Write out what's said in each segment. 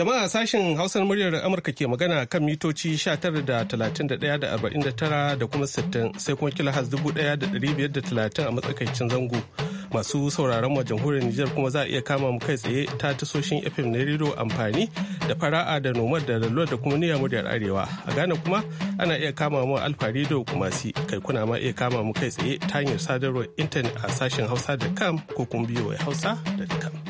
Jama'a sashen Hausar muryar Amurka ke magana kan mitoci 19,39 da kuma 60 sai kuma kilahas 1530 a matsakaicin zango. Masu sauraron mu jamhuriyar Nijar kuma za a iya kama mu kai tsaye ta tasoshin FM na rido amfani da fara'a da nomad da lalluwa da kuma niyyar muryar Arewa. A Ghana kuma ana iya kama mu Alfa rido kuma si kai kuna ma iya kama mu kai tsaye ta hanyar sadarwar intanet a sashen hausa.com ko kuma biyo hausa.com.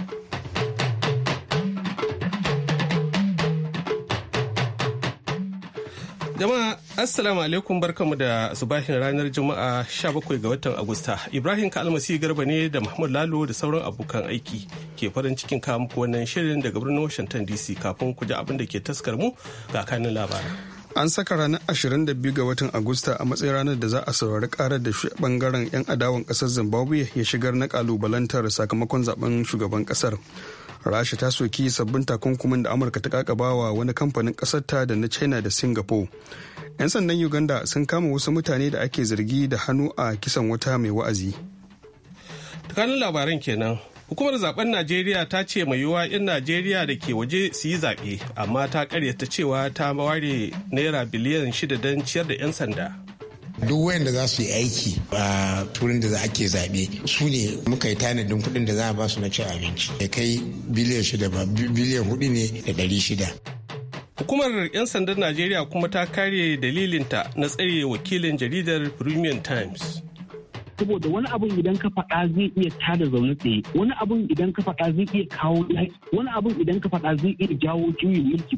Jama'a Assalamu alaikum barkamu da subahin ranar Juma'a 17 ga watan Agusta. Ibrahim Kalmasi Garba ne da Mahmud Lalo da sauran abokan aiki ke farin cikin kamu ko wannan shirin daga birnin Washington DC kafin ku ji abin da ke taskar mu ga kanin labaran. An saka ranar 22 ga watan Agusta a matsayin ranar da za a saurari karar da bangaren 'yan adawan kasar Zimbabwe ya shigar na kalubalantar sakamakon zaben shugaban kasar. rasha ta soki sabbin takunkumin da amurka ta kakabawa wani kamfanin ƙasarta da na china da singapore 'yan sandan uganda sun kama wasu mutane da ake zargi da hannu a kisan wata mai wa'azi tukanin labaran kenan hukumar zaben najeriya ta ce mai yiwuwa in najeriya da ke waje su yi zaɓe amma ta karyata cewa ta ware naira biliyan shida don ciyar da 'yan sanda duk wayanda za su yi aiki a turin da ake zaɓe su ne muka yi tanadin kuɗin da za a ba su na cin abinci ya kai biliyan shida ba biliyan hudu ne da ɗari shida Hukumar 'yan sandan Najeriya kuma ta kare dalilinta na tsare wakilin jaridar Premium Times. saboda wani abun idan ka faɗa zai iya tada zaune tsaye wani abun idan ka faɗa zai iya kawo wani abun idan ka faɗa zai iya jawo juyin mulki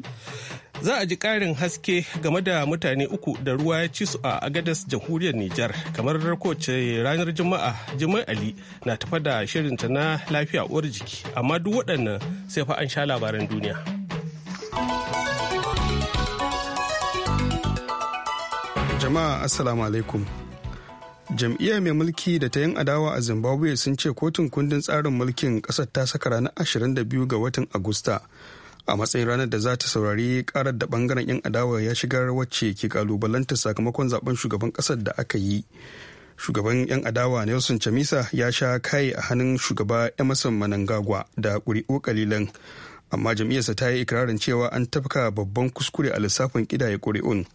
za a ji ƙarin haske game da mutane uku da ruwa ya ci su a agadas jamhuriyar Nijar kamar kowace ranar Juma'a Jimai Ali na tafa da shirinta na lafiya uwar jiki amma duk waɗannan sai fa an sha labaran duniya. Jama'a Assalamu alaikum. jam'iyyar mai mulki da ta yin adawa a zimbabwe sun ce kotun kundin tsarin mulkin kasar ta saka ranar 22 ga watan agusta a matsayin ranar da za ta saurari karar da bangaren 'yan adawa ya shigar wacce ke kalubalanta sakamakon zaben shugaban kasar da aka yi shugaban 'yan adawa nelson chamisa ya sha kai a hannun shugaba emerson manangagwa da ƙuri'u kalilan amma jam'iyyarsa ta yi ikirarin cewa an tafka babban kuskure a lissafin ƙidaye ƙuri'un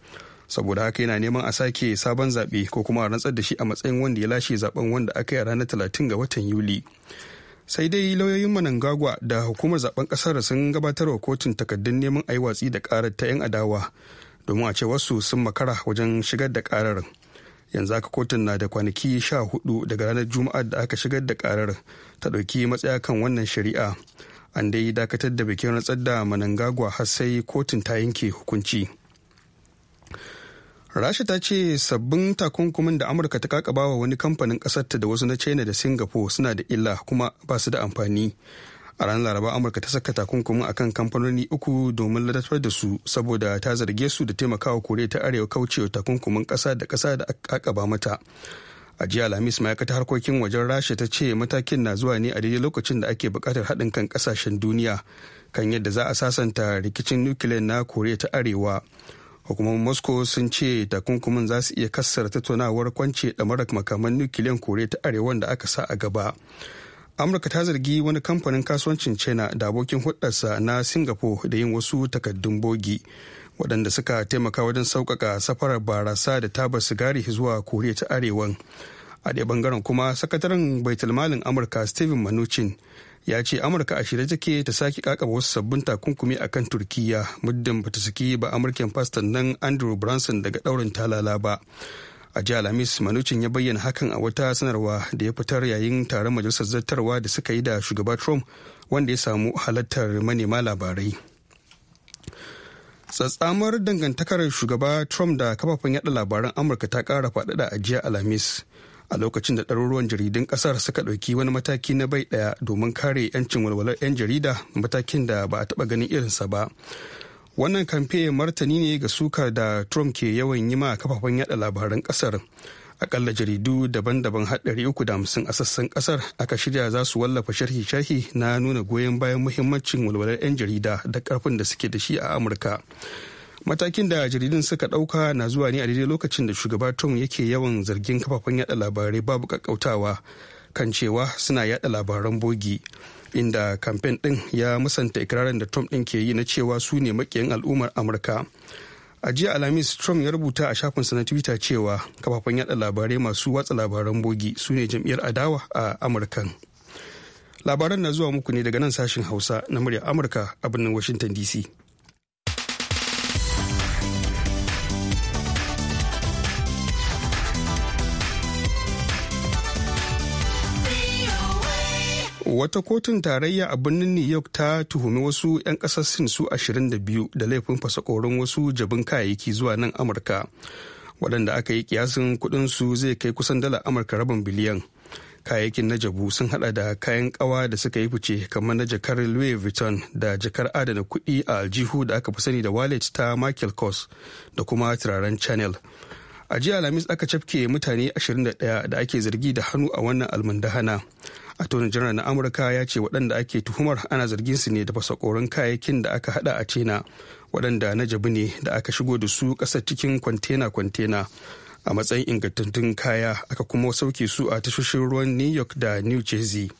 saboda haka yana neman a sake sabon zaɓe ko kuma a rantsar da shi a matsayin wanda ya lashe zaben wanda aka yi a ranar talatin ga watan yuli sai dai lauyoyin manangagwa da hukumar zaben kasar sun gabatar wa kotun takaddun neman a yi watsi da karar ta 'yan adawa domin a ce wasu sun makara wajen shigar da karar yanzu haka kotun na da kwanaki sha hudu daga ranar juma'ar da aka shigar da karar ta ɗauki matsaya kan wannan shari'a an dai dakatar da bikin rantsar da manangagwa har sai kotun ta yanke hukunci rasha ta ce sabbin takunkumin da amurka ta kakabawa wani kamfanin kasarta da wasu na china da singapore suna da illa kuma ba su da amfani a ranar laraba amurka ta saka takunkumin akan kamfanoni uku domin ladatar da su saboda ta zarge su da taimakawa koriya ta arewa kaucewa takunkumin kasa da kasa da kakaba mata a jiya alhamis ma'aikatar harkokin wajen rasha ta ce matakin na zuwa ne a daidai lokacin da ake bukatar haɗin kan kasashen duniya kan yadda za a sasanta rikicin nukiliyar na koriya ta arewa hukumomin moscow sun ce takunkumin za su iya kassar tattaunawar kwance mara makaman nukiliyan kore ta arewa da aka sa a gaba amurka ta zargi wani kamfanin kasuwancin china da abokin hudarsa na singapore da yin wasu takaddun bogi waɗanda suka taimaka wajen sauƙaƙa safarar barasa da taba sigari zuwa koriya ta arewa a ɗaya bangaren kuma sakataren baitulmalin amurka steven manuchin ya ce amurka a shirye take ta sake kakaba wasu sabbin takunkumi a kan turkiya muddin ba ta saki ba amurken fastan nan andrew branson daga daurin talala ba a jihar alhamis manucin ya bayyana hakan a wata sanarwa da ya fitar yayin taron majalisar zartarwa da suka yi da shugaba trump wanda ya samu halartar manema labarai tsatsamar dangantakar shugaba trump da kafafen yada labaran amurka ta kara faɗaɗa a jiya alhamis a lokacin da ɗaruruwan jaridun ƙasar suka ɗauki wani mataki na bai ɗaya domin kare 'yancin walwalar 'yan jarida matakin da ba a taɓa ganin irinsa ba wannan kamfe martani ne ga suka da trump ke yawan yi ma kafafen yada labaran ƙasar akalla jaridu daban-daban haɗari uku da hamsin a sassan ƙasar aka shirya za su wallafa sharhi-sharhi na nuna goyon bayan muhimmancin walwalar 'yan jarida da ƙarfin da suke da shi a amurka matakin da jaridun suka ɗauka na zuwa ne a daidai lokacin da shugaba trump yake yawan zargin kafafen yada labarai babu kakkautawa kan cewa suna yada labaran bogi inda kamfen din ya musanta ikirarin da trump din ke yi na cewa su ne makiyan al'ummar amurka a jiya alhamis trump ya rubuta a shafinsa na twitter cewa kafafen yada labarai masu watsa labaran bogi su ne jam'iyyar adawa a amurkan labaran na zuwa muku ne daga nan sashen hausa na murya amurka a birnin washington dc wata kotun tarayya a birnin new york ta tuhumi wasu 'yan kasar sin su 22 da laifin fasakorin wasu jabin kayayyaki zuwa nan amurka waɗanda aka yi kiyasin kuɗin su zai kai kusan dala amurka rabin biliyan kayayyakin na jabu sun hada da kayan kawa da suka yi fice kamar na jakar louis vuitton da jakar adana kuɗi a aljihu da aka fi sani da wallet ta michael kors da kuma turaren channel a jiya alhamis aka cafke mutane 21 da ake zargi da hannu a wannan almundahana attorney general na amurka ya ce waɗanda ake tuhumar ana zargin su ne da fasakorin kayayyakin da aka hada a china waɗanda na jabi ne da aka shigo da su ƙasar cikin kwantena-kwantena a matsayin ingantattun kaya aka kuma sauke su a tashoshin ruwan new york da new jersey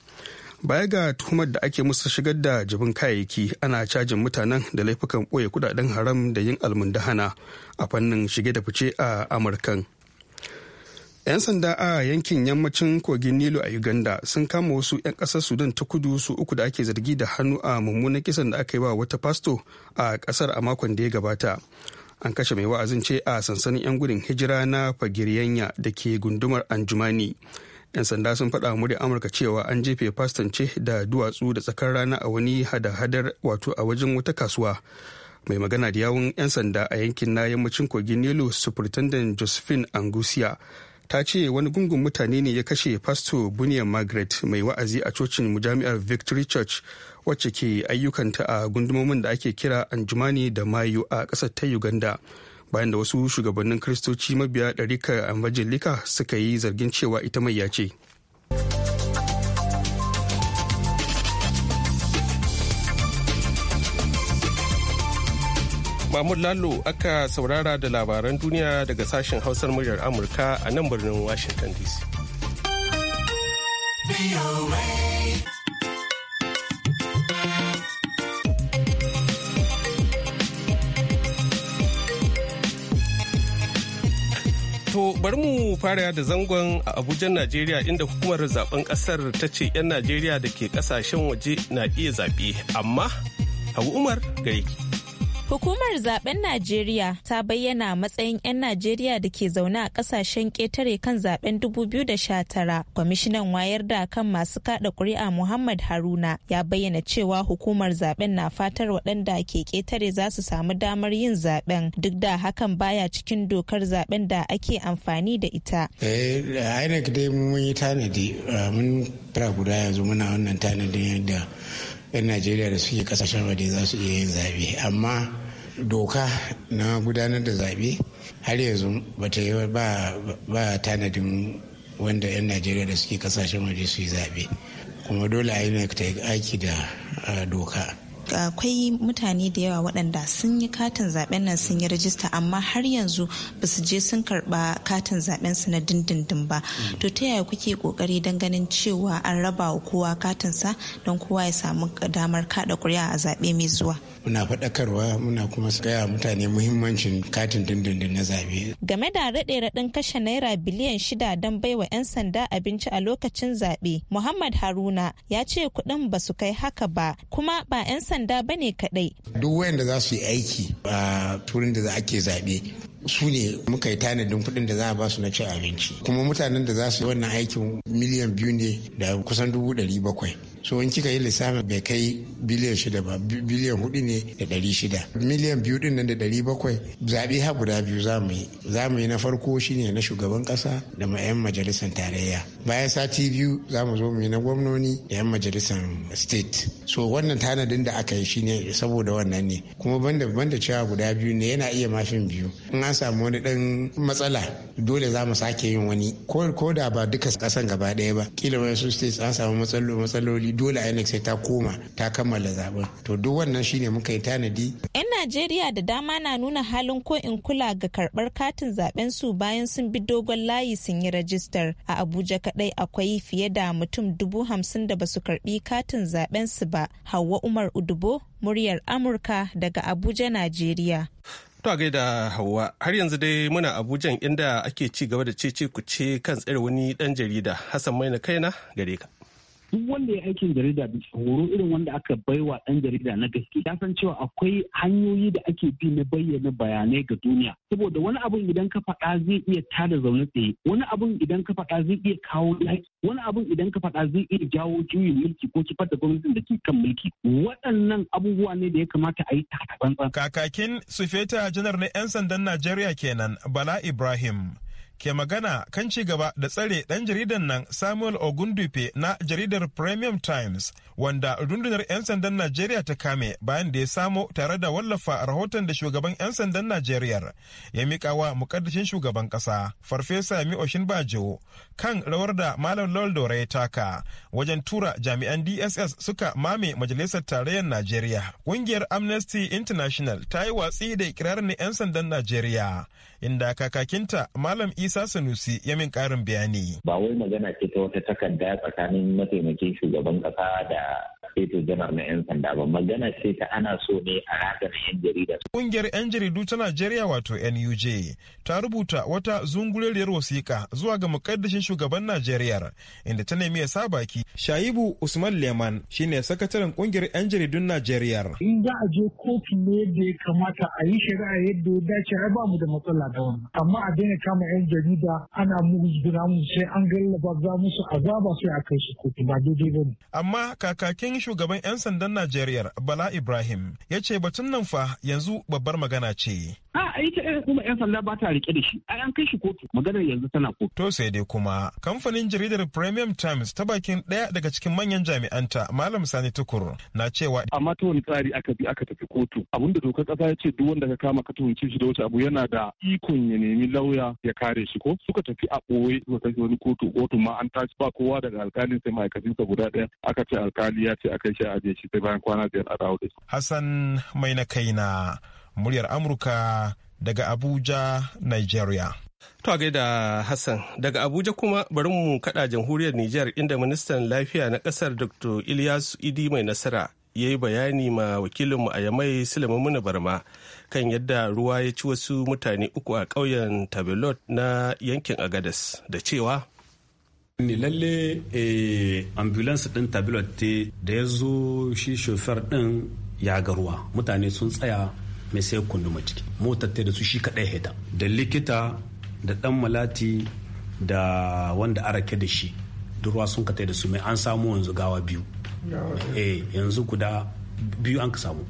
baya ga tuhumar da ake musu shigar da jibin kayayyaki ana cajin mutanen da laifukan ɓoye kudaden haram da yin almundahana a fannin shige da fice a amurkan 'Yan sanda a yankin yammacin kogin Nilo a Uganda sun kama wasu 'yan kasar Sudan ta kudu su uku da ake zargi da hannu a mummunan kisan da aka yi wa wata fasto a kasar a makon da ya gabata. An kashe mai wa'azin ce a sansanin 'yan gudun hijira na fagiryanya da ke gundumar Anjumani. 'Yan sanda sun faɗa murya Amurka cewa an jefe faston ce da duwatsu da tsakar rana a wani hada-hadar wato a wajen wata kasuwa. mai magana da yawun 'yan sanda a yankin na yammacin kogin nilo superintendent josephine angusia ta ce wani gungun mutane ne ya kashe pasto buniyan margaret mai wa'azi a cocin jami'ar victory church wacce ke ayyukanta a gundumomin da ake kira anjumani da mayu a ƙasar ta uganda bayan da wasu shugabannin kristoci mabiya ɗarika majalika suka yi zargin cewa ita mai ya ce Mahmud Lalo aka saurara da labaran duniya daga sashen hausar muryar Amurka a nan birnin Washington DC. To bari mu fara da zangon a Abuja, Najeriya inda hukumar zaben kasar ta ce 'yan Najeriya da ke kasashen waje na iya zaɓe, amma Hagu Umar gariki. Hukumar zaben Najeriya ta bayyana matsayin 'yan Najeriya da ke zaune a kasashen ƙetare kan zaben 2019. Kwamishinan wayar da kan masu kada ƙuri'a Muhammad Haruna ya bayyana cewa hukumar zaben na fatar waɗanda ke ketare za su samu damar yin zaben duk da hakan baya cikin dokar zaben da ake amfani da ita. Eh, dai mun yi tanadi uh, mun fara guda yanzu muna wannan tanadin yadda 'yan najeriya da suke kasashen waje za su iya yin zaɓe amma doka na gudanar da zaɓe har yanzu ba ta yi ba tanadin wanda 'yan najeriya da suke kasashen waje su yi zaɓe kuma dole a yi ta aiki da ah, doka akwai mutane da yawa waɗanda sun yi katin zaben nan sun yi rajista amma har yanzu ba su je sun karɓa katin zaben su na dindindin ba to ta yaya kuke kokari don ganin cewa an raba wa kowa katinsa don kowa ya samu damar kada kuri'a a zaɓe mai zuwa muna faɗakarwa muna kuma gaya mutane muhimmancin katin dindindin na zaɓe. Game da raɗe raɗin kashe naira biliyan shida don baiwa 'yan sanda abinci a lokacin zaɓe, Muhammad Haruna ya ce kuɗin ba su kai haka ba, kuma ba 'yan sanda sanda ba ne kaɗai. Duk wayanda za su yi aiki a turin da ake zaɓe su ne muka yi tanadin kuɗin da za a ba su na cin abinci kuma mutanen da za su yi wannan aikin miliyan biyu ne da kusan dubu ɗari bakwai so in kika yi lissafin bai kai biliyan shida ba biliyan hudu ne da ɗari shida miliyan biyu din nan da ɗari bakwai zaɓe ha guda biyu za mu yi za mu yi na farko shine na shugaban kasa da ma 'yan majalisar tarayya bayan sati biyu za mu zo mu yi na gwamnoni da 'yan majalisar state so wannan tanadin da aka yi shine saboda wannan ne kuma banda banda cewa guda biyu ne yana iya mafin biyu in an samu wani dan matsala dole za mu sake yin wani ko da ba duka kasan gaba ɗaya ba kila su states an samu matsaloli matsaloli dole INEC sai ta koma ta kammala zaben to duk wannan shine muka yi tanadi yan Najeriya da dama na nuna halin ko in kula ga karbar katin zaben su bayan sun bi dogon layi sun yi rajistar a Abuja kadai akwai fiye da mutum dubu hamsin da basu karbi katin zaben su ba Hauwa Umar Udubo muryar Amurka daga Abuja Najeriya To da Hauwa, har yanzu dai muna Abujan inda ake ci gaba da cece ku ce kan tsare wani ɗan jarida Hassan Maina kaina gare ka. duk wanda ya aikin jarida bisa horo irin wanda aka baiwa ɗan jarida na gaske ya san cewa akwai hanyoyi da ake bi na bayyana bayanai ga duniya saboda wani abun idan ka faɗa zai iya tada zaune tsaye wani abun idan ka faɗa zai iya kawo yaki wani abun idan ka faɗa zai iya jawo juyin mulki ko kifar da gwamnatin da ke kan mulki waɗannan abubuwa ne da ya kamata a yi taka kakakin sufeta janar na 'yan sandan najeriya kenan bala ibrahim ke magana kan ci gaba da tsare ɗan jaridan nan Samuel Ogundupe na jaridar Premium Times wanda rundunar 'yan sandan Najeriya ta kame bayan da ya samo tare da wallafa rahoton da shugaban 'yan sandan Najeriya ya mika wa mukaddashin shugaban ƙasa Farfesa Mi Oshin Bajo kan rawar da Malam Lawal Dore ya taka wajen tura jami'an DSS suka mame Majalisar Tarayyar Najeriya. Ƙungiyar Amnesty International ta yi watsi da ikirarin 'yan sandan Najeriya inda kakakinta Malam Isa Sanusi ya min ƙarin bayani. Ba wai magana ce ta wata takarda tsakanin mataimakin shugaban kasa da fetur zama na 'yan sanda ba magana ce ta ana so ne a ragar 'yan jarida. Kungiyar 'yan jaridu ta Najeriya wato NUJ ta rubuta wata zungureriyar wasiƙa zuwa ga muƙaddashin shugaban Najeriya inda ta nemi ya sa baki. Shayibu Usman Leman shine sakataren ƙungiyar 'yan jaridun Najeriya. In za a je kotu ne da ya kamata a yi shari'a yadda ya dace ai ba mu da matsala da wannan. Amma a daina kama 'yan jarida ana musu mu sai an gallaba za musu azaba sai a kai su kotu ba daidai ba ne. Amma kakakin mataimakin shugaban 'yan sandan Najeriya Bala Ibrahim ya ce batun nan fa yanzu babbar magana ce. a ita irin kuma yan sanda ba ta riƙe da shi a an kai shi kotu maganar yanzu tana kotu to sai dai kuma kamfanin jaridar premium times ta bakin ɗaya daga cikin manyan jami'anta malam sani tukur na cewa amma ta wani tsari aka bi aka tafi kotu Abun da dokar kasa ya ce duk wanda ka kama ka tuhunci shi da wata abu yana da ikon ya nemi lauya ya kare shi ko suka tafi a ɓoye suka wani kotu kotu ma an tashi ba kowa daga alkalin sai ma'aikacinsa guda daya aka ce alkali ya ce a kai shi a ajiye shi sai bayan kwana biyar a dawo da shi hassan mai na kaina muryar amurka daga abuja nigeria To gaida Hassan daga Abuja kuma bari mu kada jamhuriyar Nijar inda ministan lafiya na kasar Dr. Ilyasu Idi mai nasara ya yi bayani ma wakilinmu a Yamai Sulaiman Barma kan yadda ruwa ya ci wasu mutane uku a ƙauyen Tabelot na yankin Agadas da cewa ni lalle eh, ambulance din Tabelot da ya zo shi shofar din ya ga ruwa mutane sun tsaya mai sai kunduma ciki motar ta da su shi kaɗai heta da likita da dan malati da wanda arake da shi durwa sun ka da su mai an samu yanzu gawa biyu eh yanzu guda biyu an ka samu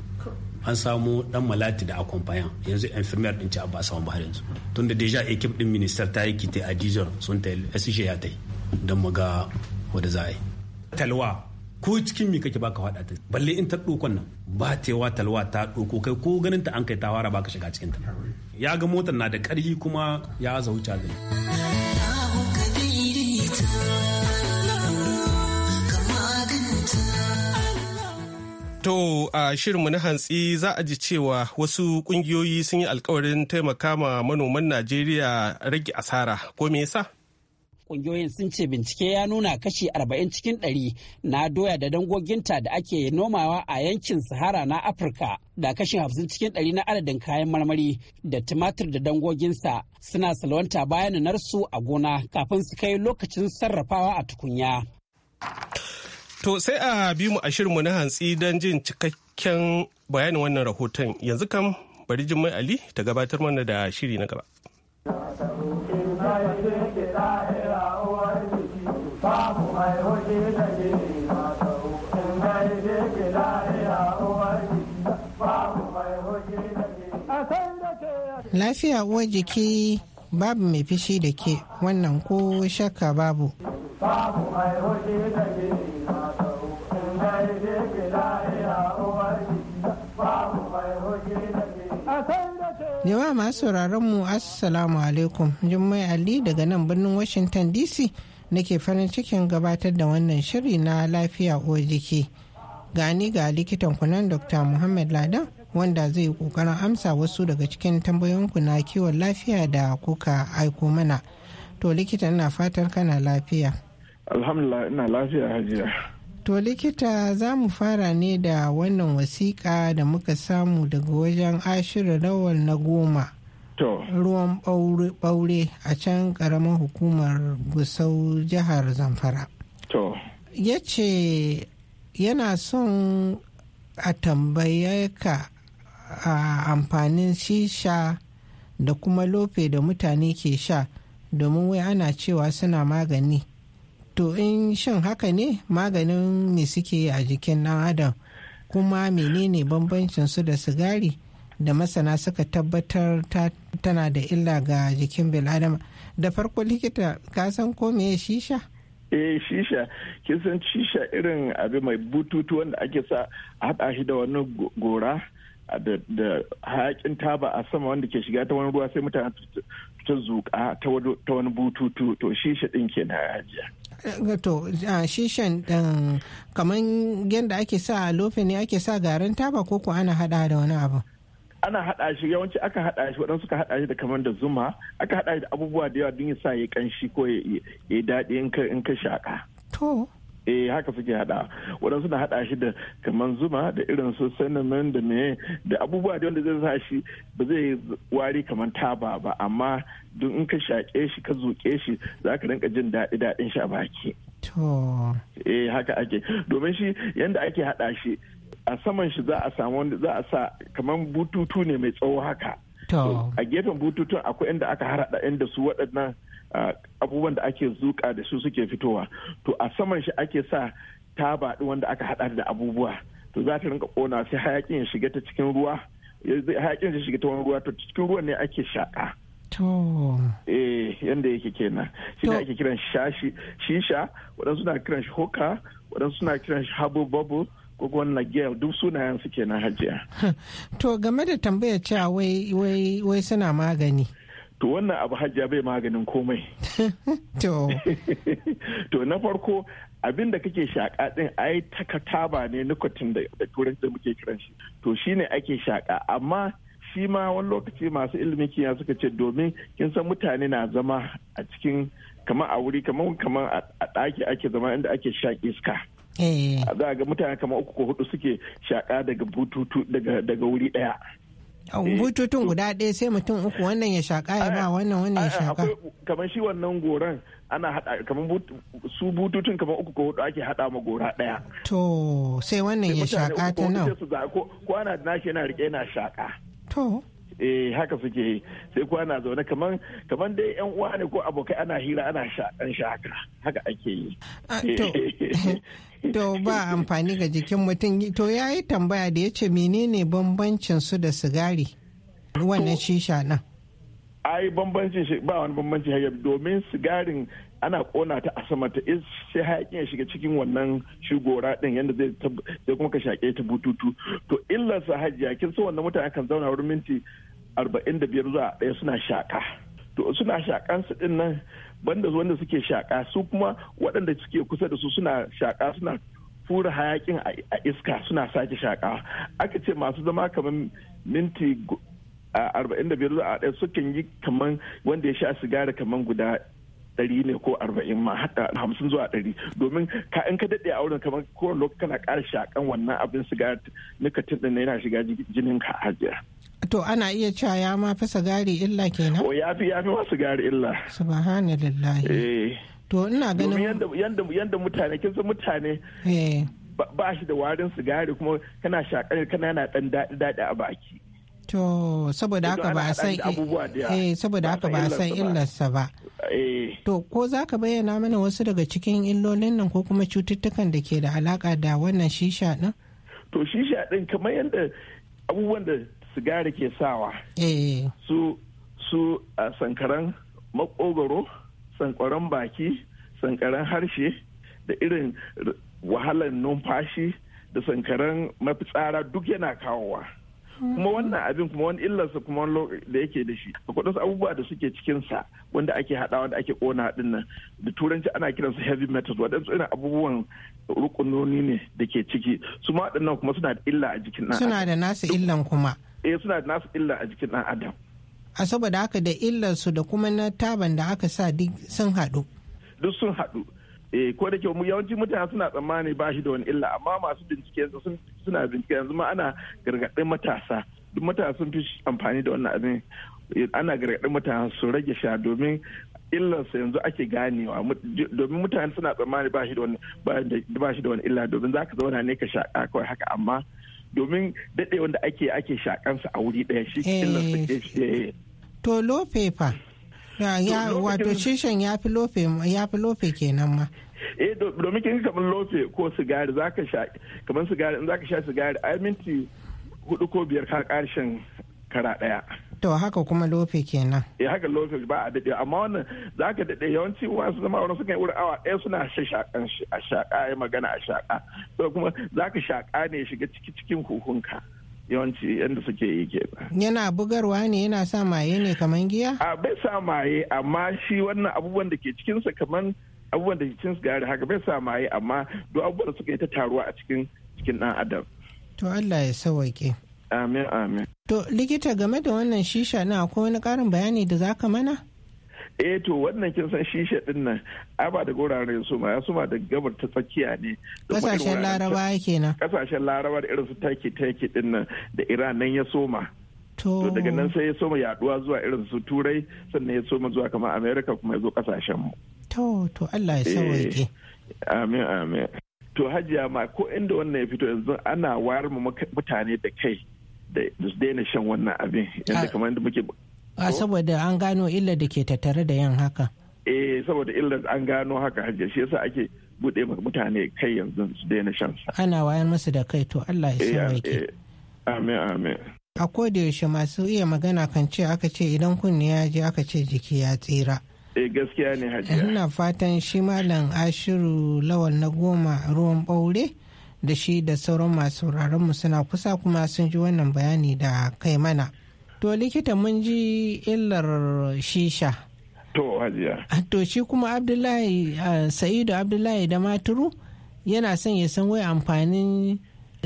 an samu dan malati da accompagnant yanzu firmiyar din ci ba samu ba har yanzu tun da deja ekip din minister ta yi kite a dijon sun ta yi ya ta yi don maga wadda za a yi talwa ko cikin mi kake baka faɗa ta balle in ta ɗokon nan ba tewa talwa ta ɗoko kai ko ganin ta an kai ta fara baka shiga cikin ta ya ga motar na da ƙarfi kuma ya aza wuce gani To a shirinmu na hantsi za a ji cewa wasu kungiyoyi sun yi alkawarin taimaka ma manoman Najeriya rage asara ko me yasa? kungiyoyin sun ce bincike ya nuna kashi 40 cikin 100 na doya da dangoginta da ake nomawa a yankin sahara na afirka da kashi 50 cikin 100 na adadin kayan marmari da tumatir da dangoginsa suna salwanta bayan narsu a gona kafin su kai lokacin sarrafawa a tukunya to sai a bi mu a shirinmu na hantsi don jin cikakken bayanin wannan rahoton yanzu kam bari mai ali ta gabatar mana da shiri na gaba. lafiya uwar jiki babu mai fishi da ke wannan ko shakka babu Yawa masu sauraron mu assalamu alaikum jummai ali daga nan birnin washington dc nake farin cikin gabatar da wannan shiri na lafiya uwar jiki gani ga likitan kunan dr muhammad ladan wanda zai yi kokarin amsa wasu daga cikin tambayoyinku na kiwon lafiya da kuka aiko mana to likita ina fatar kana lafiya alhamdulillah ina lafiya hajiya to likita za mu fara ne da wannan wasiƙa da muka samu daga wajen ashirin rawar na goma ruwan ɓaure a can ƙaramin hukumar gusau jihar zamfara ya ce yana son a tambaye ka a amfanin shisha da kuma lofe da mutane ke sha domin wai ana cewa suna magani to in shin haka ne maganin me suke yi a jikin ɗan adam kuma menene bambancin su da sigari da masana suka tabbatar tana da illa ga jikin bil'adama da farko likita ka san ko me shisha e shisha kin san shisha irin abu mai bututu wanda ake sa haɗa shi da wani gora da hayakin taba a sama wanda ke shiga ta wani ruwa sai mutane ta zuƙa ta wani bututu to shisha ɗin ke na hajiya. Eh, to shishan ɗin kamar yadda ake sa lofe ne ake sa garin taba ko ko ana haɗa da wani abu. ana hada shi yawanci aka haɗa shi waɗansu ka hada shi da kamar da zuma aka haɗa shi da abubuwa da yawa don ya sa ya ƙanshi ko ya daɗi in ka shaƙa. to eh haka suke hada wadansu na hada shi da kamar zuma da irin su cinnamon da me da abubuwa da wanda zai sa shi ba zai wari kamar taba ba amma duk in ka shaƙe shi ka zuƙe shi za ka rinka jin daɗi daɗin shi a baki eh haka ake domin shi yanda ake hada shi a saman shi za a samu wanda za a sa kamar bututu ne mai tsawo haka a gefen bututun akwai inda aka harada inda su waɗannan abubuwan da ake zuƙa da su suke fitowa to a saman shi ake sa taba wanda aka hada da abubuwa to za ta rinka kona sai hayaƙin ya shiga ta cikin ruwa hayaƙin ya shiga ta wani ruwa to cikin ruwan ne ake shaƙa To. Eh, yanda yake kenan. Shi ne ake kiran shashi, shisha, waɗansu na kiran shi hoka, waɗansu na kiran shi habu babu, ko wannan gel duk sunayen su kenan hajiya. To game da tambaya cewa wai wai wai suna magani. to wannan abu hajja bai maganin komai to na farko abin da kake shaƙa ɗin ai takataba ne nikotin da turanci da muke kiran shi to shine ake shaƙa amma shi ma wani lokaci masu ilimin kimiyya suka ce domin kin san mutane na zama a cikin kamar a wuri kamar kamar a ɗaki ake zama inda ake shaƙi iska eh. za a ga mutane kamar uku ko hudu suke shaƙa daga bututu daga wuri ɗaya Eh, bututun guda ɗaya sai mutum uku wannan ya shaƙa ya ba wannan wannan ya shaƙa kamar shi wannan goran ana hada kamar su bututun kamar uku ko hudu ake hada ma gora daya to sai wannan ya shaƙa ta nan ko ana nashi yana rike yana shaƙa to eh haka suke sai ko na zaune kamar dai yan uwa ne ko abokai ana hira ana sha dan sha haka haka ake yi ah, to ba amfani ga jikin mutum to yayi tambaya da yace menene bambancin su da sigari wannan shisha nan ai bambancin shi ba wani bambanci hayar domin sigarin ana kona ta a sama ta is sai hayakin ya shiga cikin wannan shigora din yadda zai zai kuma ka shaƙe ta bututu to illar sa hajiya kin so wannan mutane kan zauna wurin minti arba'in da biyar zuwa ɗaya suna shaƙa to suna shaƙan su ɗin nan banda wanda suke shaƙa su kuma waɗanda suke kusa da su suna shaƙa suna fura hayakin a iska suna sake shaƙa aka ce masu zama kamar minti arba'in da biyar zuwa ɗaya sukan yi kamar wanda ya sha sigari kamar guda ɗari ne ko arba'in ma hamsin zuwa ɗari domin ka in ka daɗe a wurin kamar kowane lokacin kana ƙara shakan wannan abin siga nikatin ɗin yana shiga jinin ka ajiya. To ana iya cewa ya ma fi sigari illa kenan? O oh, ya fi ya fi ma sigari illa. Subhanallah. Eh. To ina ganin. Domin yanda mutane kin san mutane. Eh. Ba shi da warin sigari kuma kana shakar kana yana ɗan daɗi daɗi a baki. To saboda eh, haka ba a san eh saboda haka ba a san illarsa ba. Eh. To ko za ka bayyana mana wasu daga cikin illolin nan ko kuma cututtukan da ke da alaka da wannan shisha din? To shisha din kamar yadda abubuwan da sigari ke sawa. Eh. Su su a sankaran makogoro, sankaran baki, sankaran harshe da irin wahalar numfashi da sankaran mafitsara duk yana kawowa. kuma wannan abin kuma wani illarsa kuma wani da yake da shi akwai wasu abubuwa da suke cikinsa wanda ake hadawa da ake ƙona din nan da turanci ana kiransa heavy metals waɗansu irin abubuwan rukunoni ne da ke ciki su ma waɗannan kuma suna da illa a jikin ɗan suna da nasu illan kuma eh suna da nasu illa a jikin ɗan adam a saboda haka da illarsu da kuma na taban da aka sa duk sun haɗu duk sun haɗu eh ko da kyau mu yawanci mutane suna tsammani ba shi da wani illa amma masu bincike suna bincike yanzu ma ana gargaɗin matasa duk matasa sun fi amfani da wannan abin ana gargaɗin matasa su rage sha domin illarsa yanzu ake ganewa domin mutane suna tsammani ba shi da wani illa domin za ka zauna ne ka shaƙa kawai haka amma domin daɗe wanda ake ake shaƙansa a wuri daya shi illarsa ke eh. Eh. to paper wato shishin ya fi lofe kenan ma eh domin kin kamar lofe ko sigari zaka sha kamar sigari in zaka sha sigari ai minti hudu ko biyar ka karshen kara daya to haka kuma lofe kenan eh haka lofe ba a dade amma wannan zaka dade yawanci wasu zama wani suka yi wurin awa ɗaya suna shaka a shaka ya magana a shaka to kuma zaka shaka ne shiga ciki cikin huhunka yawanci yadda suke yi ke Yana bugarwa ne yana sa maye ne kamar giya? A bai sa maye amma shi wannan abubuwan da ke cikinsa kamar abubuwan da ke cikin gari haka bai sa maye amma duk abubuwan da suka yi ta taruwa a cikin cikin ɗan adam. To Allah ya sawaƙe. Amin amin. To likita game da wannan shisha na akwai wani karin bayani da za ka mana? eh to wannan kin san shishe din nan a ba da guraren su ma ya suma da gabar ta tsakiya ne kasashen laraba yake nan kasashen laraba da irin su taki taki din nan da iran nan ya soma to daga nan sai ya soma yaduwa zuwa irin su turai sannan ya soma zuwa kamar america kuma ya zo kasashen mu to to Allah ya sauke eh, amin amin to hajiya ma ko inda wannan ya fito yanzu ana wayar mu mutane da kai da su daina shan wannan abin yanda kamar yadda muke a saboda an gano illar da ke tattare da yin haka eh saboda illar an gano haka hajji shi yasa ake bude mutane kai yanzu su daina shan sa ana wayar musu da kai to Allah ya eh, sauke eh, amin amin a koda yaushe masu iya magana kan ce aka ce idan kunni ya je aka ce jiki ya tsira eh gaskiya ne hajji ina fatan shi malam ashiru lawal na goma ruwan baure da shi da sauran masu mu suna kusa kuma sun ji wannan bayani da kai mana to likita mun ji illar shisha to hajiya to shi kuma abdullahi sa'idu abdullahi da maturu yana son ya san wai amfanin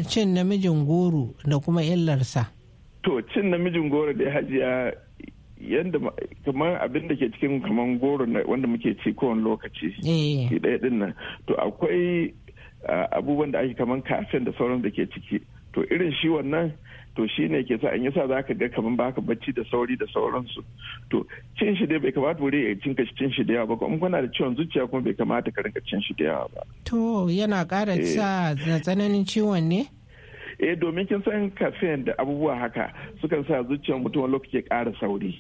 cin namijin goro da kuma illarsa to cin namijin goro da hajiya yadda kamar abin da ke cikin kamar goro wanda muke ci kowane lokaci eh. shi ɗaya to akwai abubuwan da ake kamar kafin da sauran da ke ciki to irin shi wannan to shi ne ke sa in yasa za ka ga kamar baka bacci da sauri da sauransu to cin shi dai bai kamata wuri ya cin ka cin shi da yawa ba kuma kuna da ciwon zuciya kuma bai kamata ka rinka cin shi da yawa ba to yana ƙara eh. sa da tsananin ciwon ne eh domin kin san kafin da abubuwa haka sukan sa zuciyar mutum lokaci ya ƙara sauri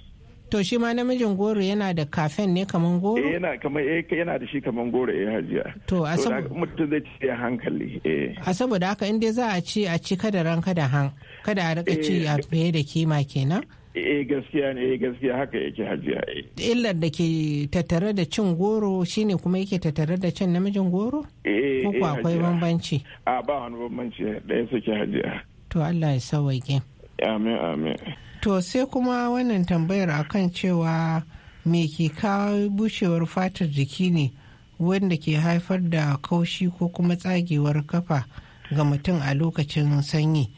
to shi ma namijin goro yana da kafen ne kaman goro eh yana kaman eh yana da shi kaman goro eh hajiya to a saboda mutum zai ci hankali eh a saboda haka in dai za a ci a ci kada ran kada han kada a rika ci eh. a fiye da kima kenan eh gaskiya ne eh gaskiya haka yake hajiya eh. illar da ke tattare da cin goro shine kuma yake tattare da cin namijin goro eh, eh ko akwai bambanci a ba wani bambanci da yake hajiya to Allah ya sauke amin amin to sai kuma wannan tambayar akan cewa me ke kawo bushewar fatar jiki ne wanda ke haifar da kaushi ko kuma tsagewar kafa ga mutum a lokacin sanyi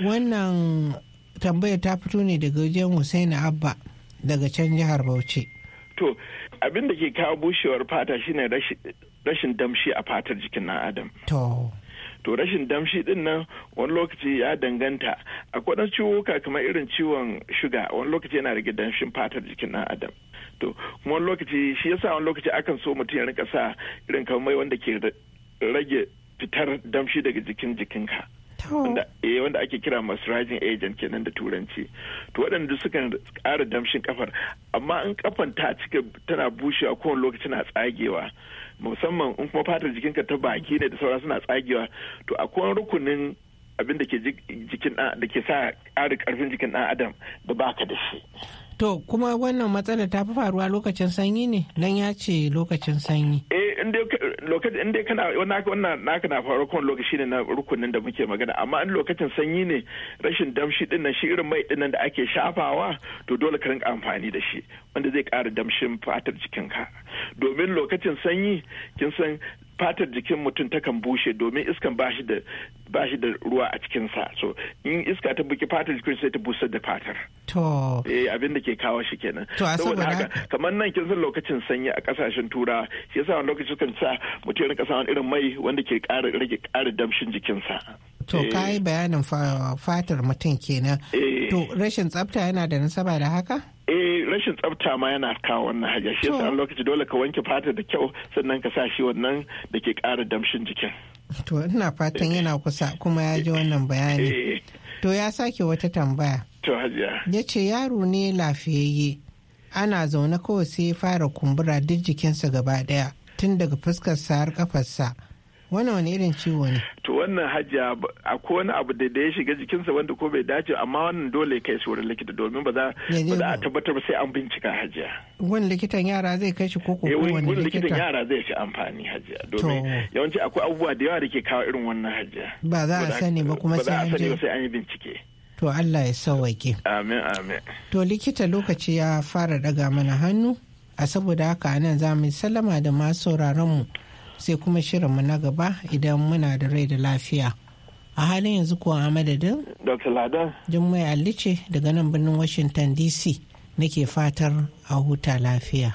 wannan tambayar ta fito ne daga wajen husaini abba daga can jihar bauchi to abin da ke kawo bushewar fata shine rashin damshi a fatar jikin na adam to rashin damshi din nan wani lokaci ya danganta a ɗan ciwuka kamar irin ciwon shuga wani lokaci yana rage damshin fatar jikin ɗan adam to kuma wani lokaci shi yasa wani lokaci akan so mutum ya rika sa irin kamar mai wanda ke rage fitar damshi daga jikin jikinka eh, wanda ake kira moisturizing agent kenan da turanci to waɗanda sukan ƙara damshin kafar amma in kafan ta cika tana bushewa kowane lokaci na tsagewa musamman in kuma fatar jikinka ta baki ne da sauran suna tsagewa to akwai rukunin abin da ke jikin da ke sa ƙarin ƙarfin jikin ɗan adam da baka da shi to kuma wannan matsalar ta fi faruwa lokacin sanyi ne nan ya ce lokacin sanyi eh in dai kana wannan naka na faru lokaci ne na rukunin da muke magana amma in lokacin sanyi ne rashin damshi din nan shi irin mai din da ake shafawa to dole ka rinka amfani da shi wanda zai kara damshin fatar jikinka domin lokacin sanyi kin san fatar jikin mutum takan bushe domin iskan ba shi da ruwa a cikinsa so in iska ta buki fatar jikin sai ta busar da fatar to eh abin da ke kawo shi kenan To a saboda haka kamar nan kin san lokacin sanyi a kasashen turawa shi yasa wani lokacin kan sa mutum ya rika samun irin mai wanda ke ƙara rage ƙara damshin jikinsa to kai eh. bayanin fatar mutum kenan eh. to rashin tsafta yana da nasaba da haka eh rashin tsafta ma yana kawo wannan haja shi yasa lokaci dole ka wanke fata da kyau sannan ka sa shi wannan da ke kara damshin jikin to ina fatan yana kusa kuma ya ji wannan bayani eh. to ya sake wata tambaya to hajiya ya ce yaro ne lafiyayye ana zaune kawai sai ya fara kumbura duk jikinsa gaba daya tun daga fuskarsa har kafarsa wannan wani irin ciwo ne to wannan hajja akwai wani abu da ya shiga jikinsa wanda ko bai dace amma wannan dole kai shi wurin likita domin ba za a tabbatar ba sai an bincika hajja wani likitan yara zai kai shi ko ko eh, wani likitan yara zai shi amfani hajja domin yawanci akwai abubuwa da yawa da ke kawo irin wannan hajja ba za a sani ba kuma sai an yi bincike to Allah ya sauwaƙe amin amin to likita lokaci ya fara daga mana hannu a saboda haka nan za mu sallama da masu sauraron mu sai kuma shirin mu na gaba idan muna da rai da lafiya. A halin yanzu kuwa a madadin? Dr. Lada. Jummai Alice daga nan birnin Washington DC nake fatar a huta lafiya.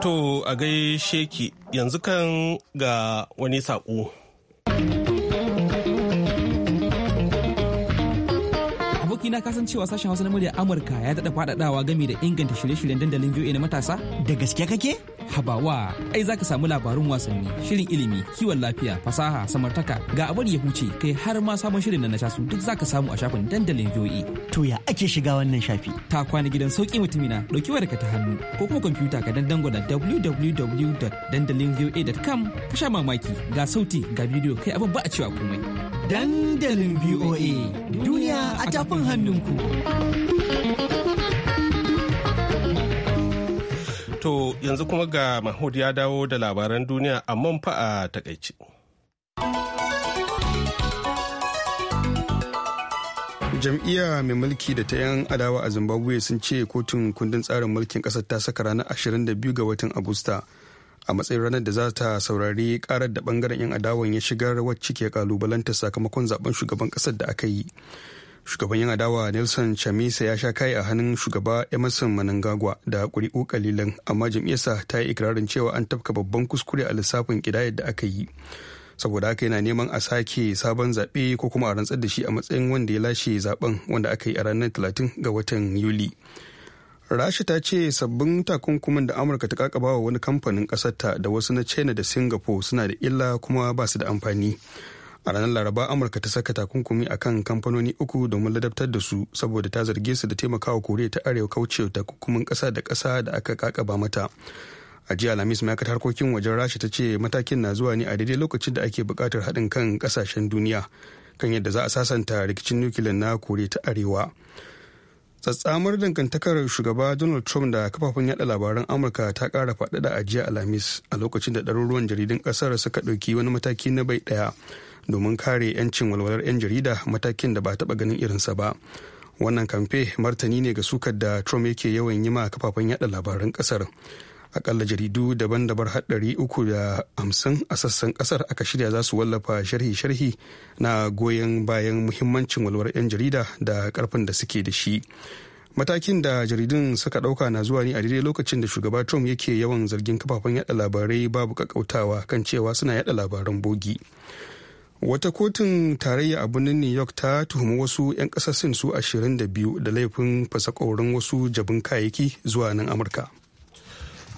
To a gaishe ki yanzu kan ga wani saƙo. Sarki na kasan cewa sashen Hausa na murya Amurka ya daɗa faɗaɗawa game da inganta shirye-shiryen dandalin VOA na matasa? Da gaske kake? Habawa, ai za ka samu labarun wasanni, shirin ilimi, kiwon lafiya, fasaha, samartaka, ga abar ya huce kai har ma sabon shirin na nasasu duk za ka samu a shafin dandalin VOA. To ya ake shiga wannan shafi? Ta kwana gidan sauki mutumina ɗauki wayarka ta hannu ko kuma kwamfuta ka dangwala www.dandalinvoa.com ka sha mamaki ga sauti ga bidiyo kai abin ba a cewa komai. dandalin VOA duniya a tafin hannunku. To yanzu kuma ga Mahmud ya dawo da labaran duniya a fa a takaici. jam'iyya mai mulki da ta 'yan adawa a zimbabwe sun ce kotun kundin tsarin mulkin kasar ta saka ranar 22 ga watan agusta a matsayin ranar da za ta saurari karar da bangaren 'yan adawan ya shigar wacce ke kalubalanta sakamakon zaben shugaban kasar da aka yi shugaban 'yan adawa nelson chamisa ya sha kai a hannun shugaba emerson manangagwa da kuri'u kalilan amma jam'iyyarsa ta yi ikirarin cewa an tafka babban kuskure a lissafin kidayar da aka yi saboda haka yana neman a sake sabon zaɓe ko kuma a rantsar da shi a matsayin wanda ya lashe zaben wanda aka yi a ranar 30 ga watan yuli rasha ta ce sabbin takunkumin da amurka ta kakaba wa wani kamfanin kasarta da wasu na china da singapore suna da illa kuma ba su da amfani a ranar laraba amurka ta saka takunkumi akan kamfanoni uku domin ladabtar da su saboda ta zarge su da taimakawa koriya ta arewa kaucewa takunkumin kasa da kasa da aka kakaba mata a jiya alhamis ma'aikatar harkokin wajen rasha ta ce matakin na zuwa ne a daidai lokacin da ake bukatar haɗin kan kasashen duniya kan yadda za a sasanta rikicin nukiliyar na kore ta arewa tsatsamar dangantakar shugaba donald trump da kafafen yada labaran amurka ta kara faɗaɗa a jiya alhamis a lokacin da ɗaruruwan jaridun ƙasar suka ɗauki wani mataki na bai ɗaya domin kare 'yancin walwalar 'yan jarida matakin da ba taɓa ganin irinsa ba wannan kamfe martani ne ga sukar da trump yake yawan yi ma kafafen yada labaran ƙasar akalla jaridu daban-daban haɗari uku da hamsin a sassan ƙasar aka shirya za su wallafa sharhi-sharhi na goyon bayan muhimmancin walwar 'yan jarida da ƙarfin da suke da shi matakin da jaridun suka ɗauka na zuwa ne a daidai lokacin da shugaba trump yake yawan zargin kafafen yada labarai babu kakautawa kan cewa suna yada labaran bogi wata kotun tarayya a birnin new york ta tuhumi wasu 'yan ƙasar sin su 22 da laifin fasa wasu jabin kayayyaki zuwa nan amurka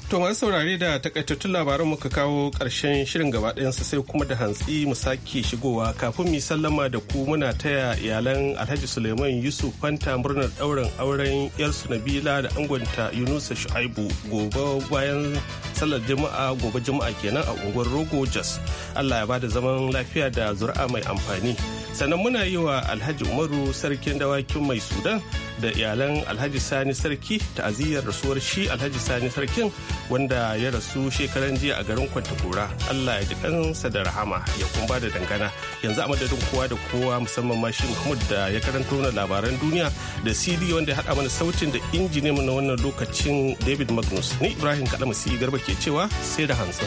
To masu saurare da takaitattun labaran muka kawo ƙarshen shirin gaba ɗayansa sai kuma da hantsi mu sake shigowa kafin mu sallama da ku muna taya iyalan Alhaji Suleiman Yusuf Fanta murnar ɗaurin auren yarsu Nabila da angonta Yunusa Shu'aibu gobe bayan sallar Juma'a gobe Juma'a kenan a unguwar Rogo Jos. Allah ya bada zaman lafiya da zuri'a mai amfani. sannan muna yi wa alhaji umaru sarkin dawakin mai sudan da iyalan alhaji sani sarki ta'aziyyar rasuwar shi alhaji sani sarkin wanda ya rasu shekaran jiya a garin kwantakura allah ya ji kansa da rahama ya kumba da dangana yanzu a madadin kowa da kowa musamman ma shi mahmud da ya karanto na labaran duniya da cd wanda ya haɗa mana sautin da injini na wannan lokacin david magnus ni ibrahim kaɗa musi garba ke cewa sai da hantsi.